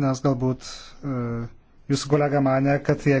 nes galbūt e, jūsų kolega mane, kad jei